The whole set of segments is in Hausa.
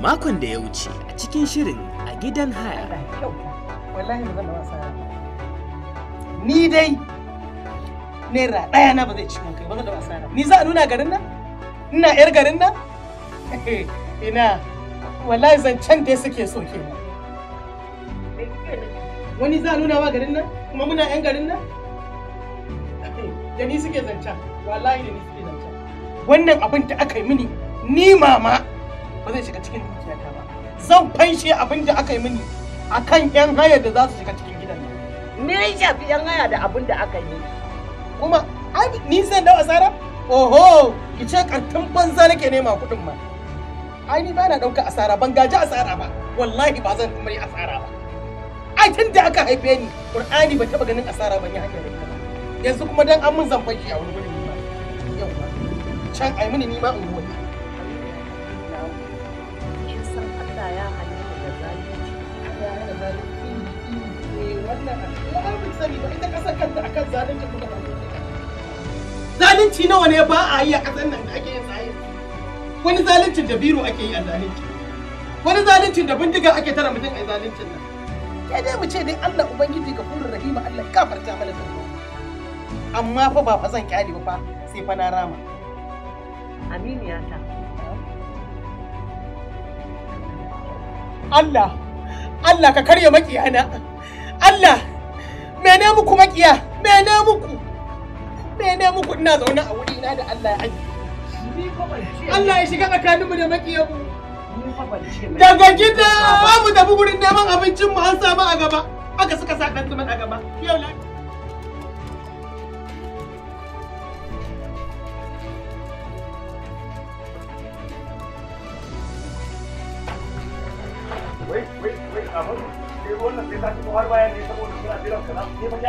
makon da ya wuce a cikin shirin a gidan haya ni dai naira ɗaya na ba zai ci mun kai ba da wasa ni za a nuna garin nan ina yar garin nan ina wallahi zancen da suke so ke wani za a nuna wa garin nan kuma muna yan garin nan da ni suke zancen wallahi da ni suke zancen wannan abin da aka yi mini ni mama ba zai shiga cikin dukiyata ba zan fanshe abin da aka yi mini kan yan haya da za su shiga cikin gidan nan me ya shafi yan haya da abin da aka yi kuma ni zan dawo asara oho ki ce kartin banza nake nema kuɗin ma ai ni ba na ɗauka asara ban gaji asara ba wallahi ba zan kuma yi asara ba ai tun da aka haife ni qur'ani ba taɓa ganin asara ban yi hanyar da yanzu kuma dan an mun zan fanshi a wani gurin ba yau ba can ai mini ni ma in ya zalunci nawa ne ba a yi a ƙasar nan da ake yin tsaye wani zaluncin da biro ake yi a zalunci wani zaluncin da bindiga ake tara mutum a zaluncin nan sai dai mu ce dai Allah ubangiji ga furin rahima Allah farta mana da amma fa ba fa zan kyale ba fa sai fa na rama aminiya ta Allah Allah ka karya makiyana Allah mene muku makiya mene muku mene muku ina zaune a wuri na da Allah ya aji Allah ya shiga tsakaninmu da makiyanmu daga gida mu tafi gurin neman abincin mu an samu a gaba aka suka sa ɗan a gaba yau lafiya Haba malam Allah ni da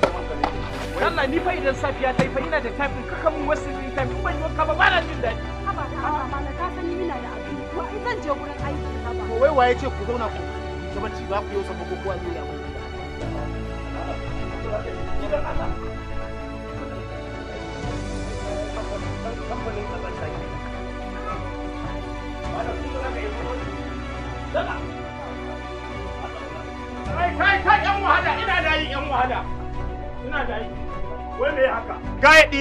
kama. Na ni fa idan safiya ta yi fa ina da tafin kakan mun wasu ni tafin ban wanka ba na jin daɗi. Haba da malam ka san ina da abu Ko in zan je wurin aiki na ba. Wai waye ce ku zauna ku gabanci ba ku yau saboda ko kowa zai yi abin. wahala ina da aiki wai me haka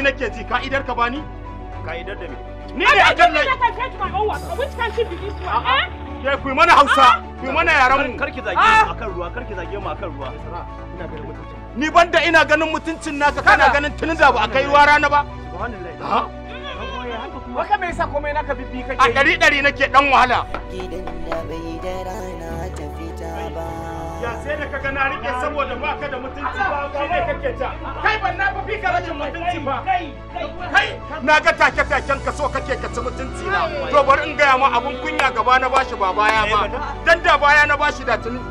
nake ji ka ka bani da me ni ne a kan lai eh? ke mana hausa mana yaran mu karki zage mu akan ruwa karki zage mu akan ruwa ni banda ina ganin mutuncin naka kana ganin tunin da ba a kai ruwa rana ba subhanallah Waka mai komai naka bibbi kake. A ɗari ɗari nake ɗan wahala. Gidan da bai da rana ta fita ba. ya sai da kaga na rike saboda baka da mutunci ba shi ne kake ta kai ban na fi ka rashin mutunci ba kai na ga take taken ka so kake ka ci mutunci na to bari in gaya ma abun kunya gaba na bashi ba baya ba dan da baya na bashi da tuni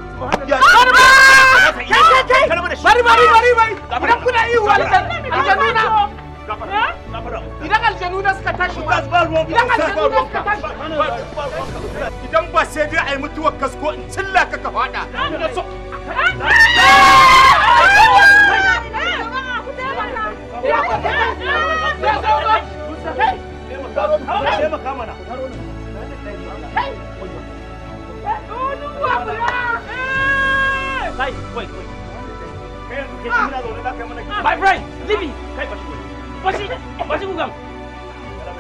ya kai kai kai bari bari bari bari kuna ihu aljannu na idan aljanu da suka tashi ba idan aljanu na suka tashi idan ba sai dai a yi mutuwar kasko in cilla ka ka fada My friend, Libby! Kai bashi bashi gugan kasa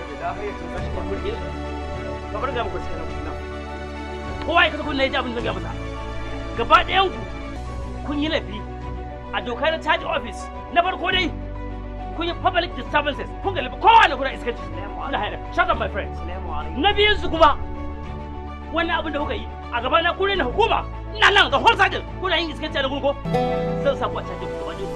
kun nayi abin da ga gaba ɗayan ku kun yi laifi a dokar charge office na farko dai kun yi public disturbances kun ga laifi kowa na kuna iskanci kuna haira shut up my friend na biyun su kuma wannan abin da kuka yi a gaba na kure na hukuma ina nan ga horsajin kuna yin iskanci da gurgo zan sa ku a charge office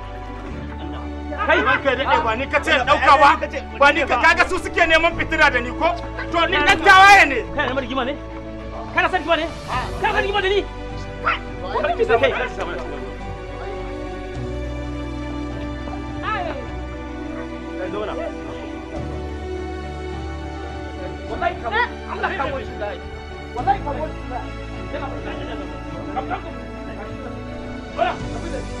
kai ranka dade ba ni kace dauka ba ba ni ka kaga su suke neman fitira da ni ko to ni dan tawaye ne kai marigima ne kana san kima ne kana kima da ni wallahi kamo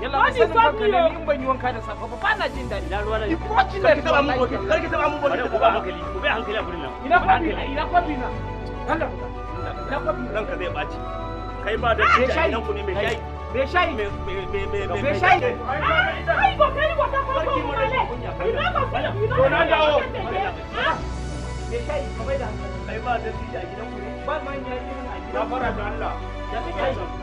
yalla ba sanin kanka ne in ban yi wanka da safa ba na jin daɗi na ruwa da jin daɗi taba mun kar ki taba mun bokin ko ba hankali ku bai hankali a gurin nan ina kwabi na ina bi na Allah ku ina kwabi ranka zai baci kai ba da ah, shayi nan ku mai shayi mai shayi mai mai mai mai shayi ai go kai go ta ko ko male ina ba ko na dawo ah. mai shayi kamar da kai ba da shayi a gidan ku ba manya irin a gidan fara da Allah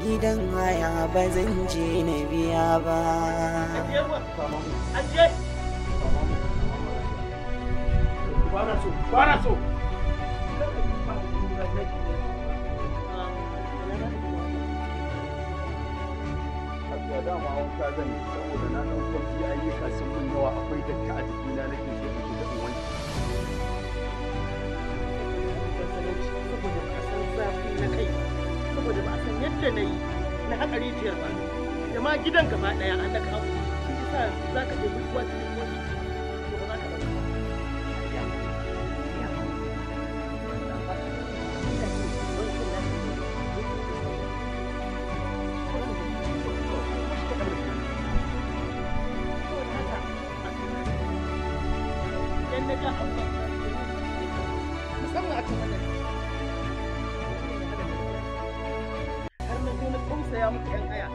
Gidan haya ba zan je na biya ba. Ajiye! Ajiye! Kwana so, kwana so! dama wanka zan yi saboda na ɗan kwafi ayyuka sun mun yawa akwai da dakka a jikina nake ke in shiga in wani. Saboda ba a san zafin na kai, saboda ba a san yadda na yi na haƙa rijiyar ba, da ma gidan gaba ɗaya an daga abu, shi sa za ka je mutuwa cikin wani. muku yan haya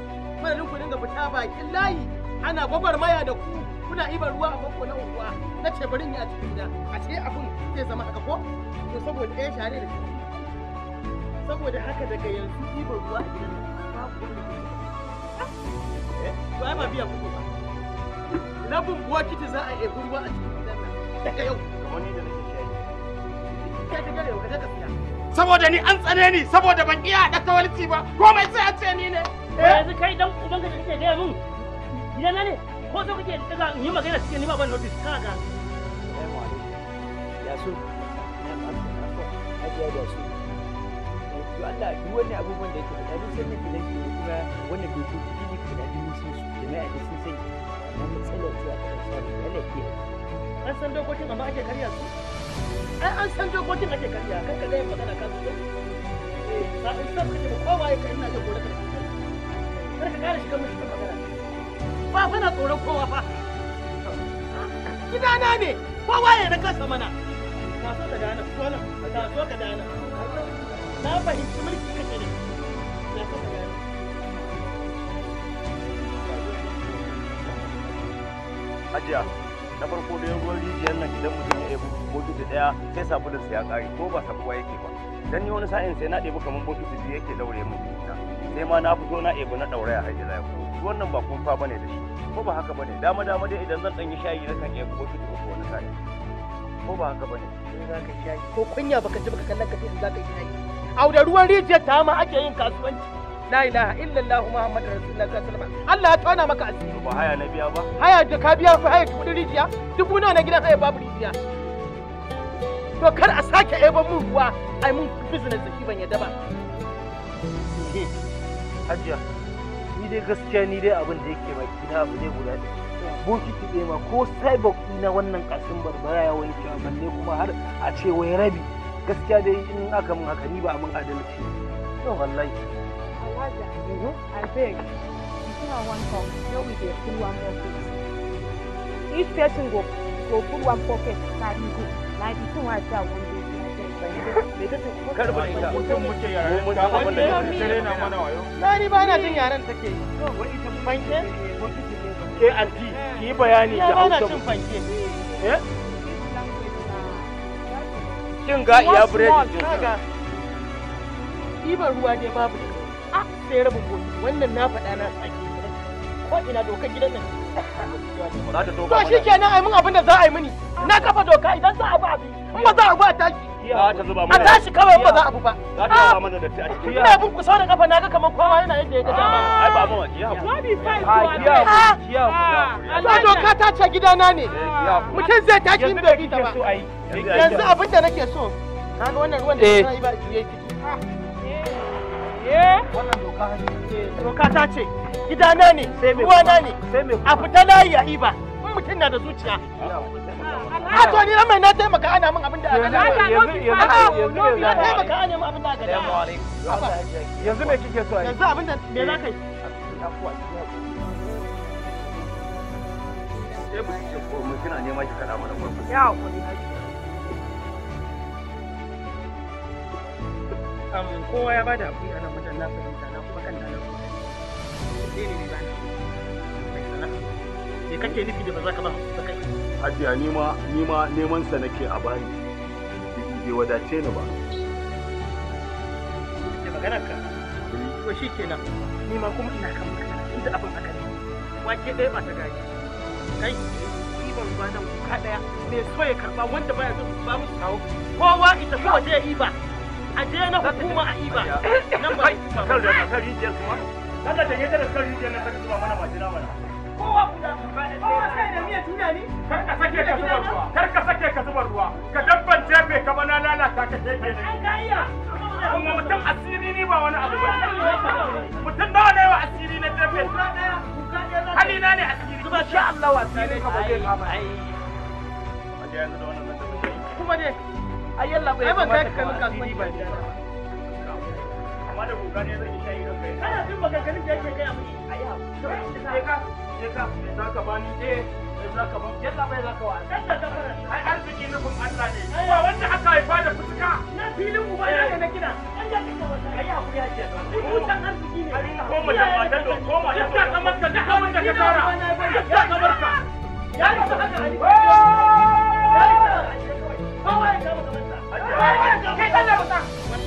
madadin ku dinga fita bakin layi ana gwagwarmaya da ku kuna ibar ruwa a na unguwa na ce bari ni a gida a ce abun zai zama haka ko saboda haka daga yanzu ibar ruwa babu wani eh, ba biya kuku ba bokiti za a ebi ruwa a cikin gidan nan daga yau saboda ni an tsane ni saboda ban iya da kawalci ba komai sai a ce ni ne yanzu kai dan uban ka kake da mun gidana ne ko so kake daga yi magana cikin ni ba ban notice ka ga ya su ya su to Allah duk wani abubuwan da yake da duk sai nake laifi ki kuma wannan dokoki ne ki da dinin sun su jama'a mai sun sai na mutsalo ta ta samu ne ke an san dokokin amma ake karya su ai an san dokokin ake karya kan ka zai magana ka su eh ba ku san kake ba kowa ya kai ina jin gore kai kar ka kare shiga mishi magana ba fa na tsoron kowa fa gidana ne kowa ya na kansa mana ka so ka dana ko na ka so ka dana na fahimci mulki kake ne na so ka dana Hajiya, na farko da ruwan rijiyar nan idan mutum ya yi bokiti daya sai sabulun sa ya kare ko ba sabuwa yake ba dan ni wani sa'in sai na ɗebi kaman bokiti biyu yake daure min jikina sai ma na fito na ɗebi na dauraya har ila yau wannan ba kumfa bane da shi ko ba haka bane dama dama dai idan zan dan yi shayi kan iya bokiti uku wani sa'in ko ba haka bane za ka shayi ko kunya baka ji baka kallon ka sai za ka shayi au da ruwan rijiyar ta ma ake yin kasuwanci la ilaha illallah muhammadu rasulullah sallallahu alaihi Allah ya tona maka asiri ba haya na biya ba haya da ka biya ku haya dubu rijiya dubu nawa na gidan haya babu rijiya to kar a sake ɗeban mun ruwa ai mun business da shi ban yadda ba hajiya ni dai gaskiya ni dai abin da yake baki na abu ne guda ɗaya bokiti ɗaya ma ko cyborg na wannan kasin barbara ya wanke a balle kuma har a ce wai rabi gaskiya dai in aka mun haka ni ba mun adalci to wallahi Alhaja, mhm. I beg, you are one cup, no we dey one pocket. Each person go go full one pocket, na you go. na ji cewa ta wanda Nani ba na jin yaren take yi. Fanke? Ke anti, ki bayani da hausa. Ba na cin fanke. Eh? Kin ga iya biredi Ibar ruwa dai babu. Ah, sai rabin gobe. Wannan na faɗa na sake. Ko ina dokar gidan nan. To shi kenan mun abin da za a yi mini. Na kafa doka idan za a bi abi. In ba za a bi a tashi. A tashi kawai ba za a bu ba. Za ta zuba ah! mana da ta ciki. Ina bin kusa da kafa na ga kamar kowa yana yadda ya ga dama. Ah! Ai ah! ba mu kiya. Rabi fai doka ta ce gidana ne. Eh, Mutum zai tashi in bai bi ta ba. Yanzu abin da nake so. ga wannan ruwan da ya eh. yi ba ciki. Eh? Wannan doka ta ce, gidana ne, uwana ne, a fita layi a iba, in mutum na da zuciya. A ah, to ni mai na taimaka ana min abin da Na taimaka ana min abin da aka Yanzu ah, kike so Yanzu abin da me za ka yi? kowa ya bada abu na fahimta na kuma kan na kuma ne ne ba me kake nufi da ba za ka ba ba kai hajiya ni ma ni ma neman sa nake a bani bai wadace ni ba ke magana ka eh. shi shikenan ni ma kuma ina kan magana inda abin haka ne wake ɗaya ba ta gaji kai ban ba nan kuka ɗaya mai so ya karɓa wanda baya so ba musu kawo kowa ita kowa ta iba a na hukuma a iba nan ba da rijiyar kuma kada da yadda rijiyar nan zuwa mana mana kowa guda kai da miya tuna ni kar ka sake ka zuba ruwa kar ka sake ka zuba ruwa ka ka bana lalata ka ne ai ga iya kuma mutum asiri ba wani abu ba mutum nawa ne wa asiri na ne asiri kuma sha Allah ka ba ai kuma dai ai yalla bai ba ka kalli kasuwanci ba amma da goga ne zan shayi kai kana jin maganganun da yake kai a miki ayi hakuri sai ka sai ka sai ka bani eh sai za ka ban eh. na filin uba ya na kina an da kika da ma ka kamar ka da 快点，给我站那！